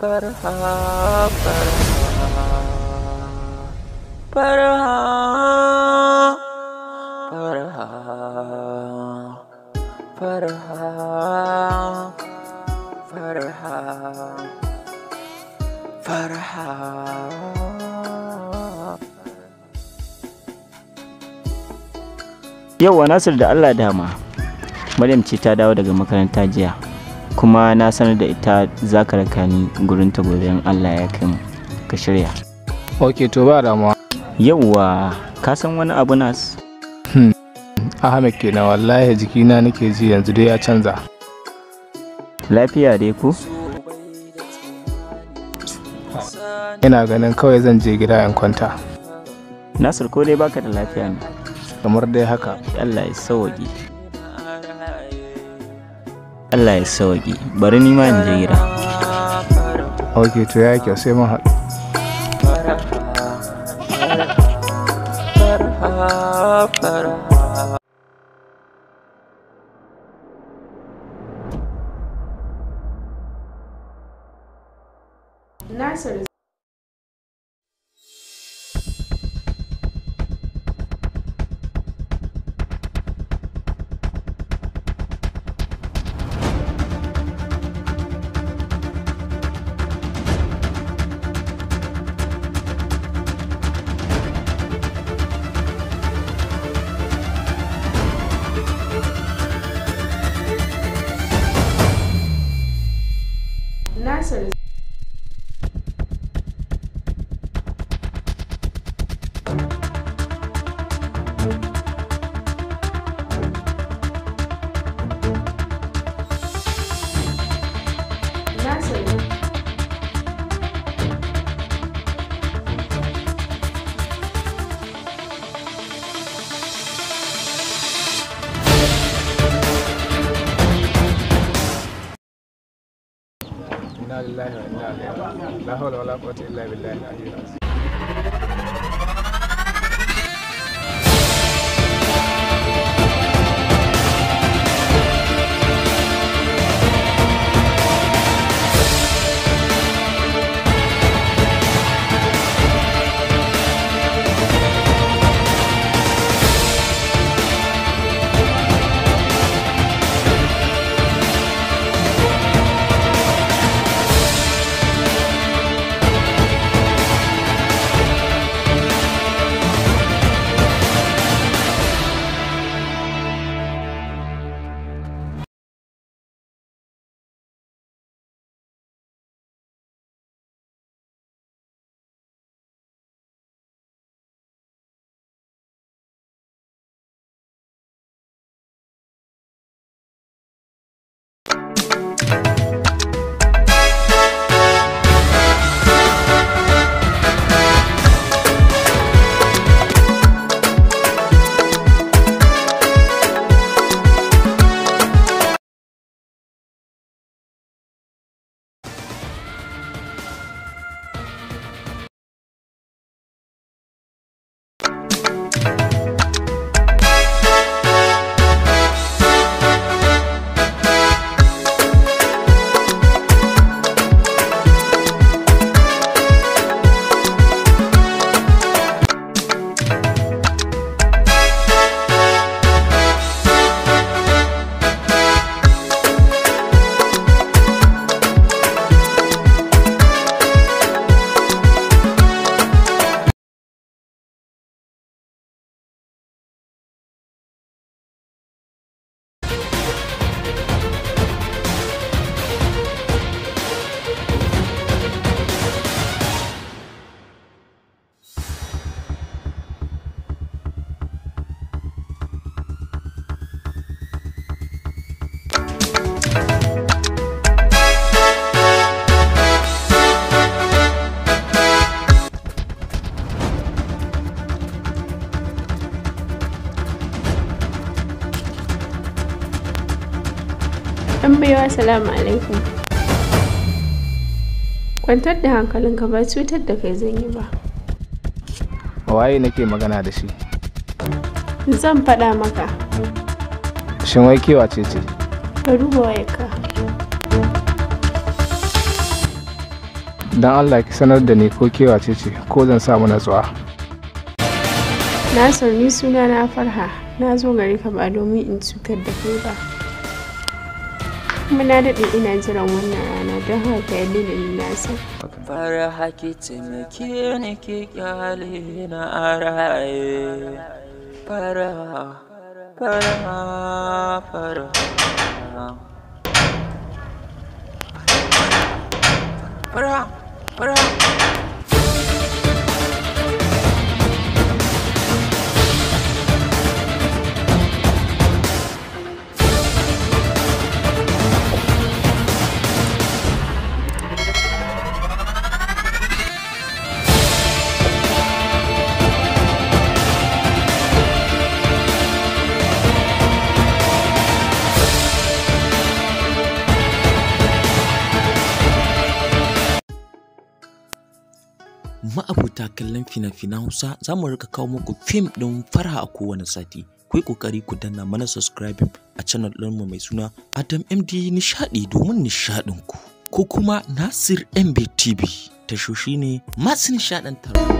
Farha farha nasir da allah dama maryam ce ta dawo daga makaranta jiya kuma na sanar da ita za ka raka ni gurinta gobe in allah ya kai ka shirya ok to ba damuwa yauwa ka san wani abu nas hmm. ahmed na, wallahi jikina nake ji yanzu dai ya canza lafiya dai ku? ina ganin kawai zan je gida in kwanta nasir ko dai baka da lafiya ne kamar dai haka allah ya sauwaƙe Allah ya sauki bari ni ma in je gida ok to ya kyau sai mun haɗu Nasir professores lillahi wa inna ilaihi raji'un la billahi al 'yan baiwa salamu alaikum kwantar da hankalinka ba cutar da kai zan yi ba waye nake magana da shi zan faɗa maka shin wai kewa ce ce ka duba wayarka don allah ki sanar da ni ko kewa ce ce ko zan samu natsuwa na sauri suna na farha na zo gari ka ba domin in cutar da kai ba kuma na daɗe ina jiran wannan rana don haka ya nuna ni Fara haki taimake ni ki kyale na araye. Fara, fara, fara. Fara, fara. ma'abuta kallon fina-finan Hausa za mu rika kawo muku fim ɗin fara a kowane sati. Ku yi ƙoƙari ku danna mana subscribe a channel mu mai suna Adam MD Nishaɗi domin ku Ko kuma Nasir MB TV tashoshi ne masu nishaɗantarwa.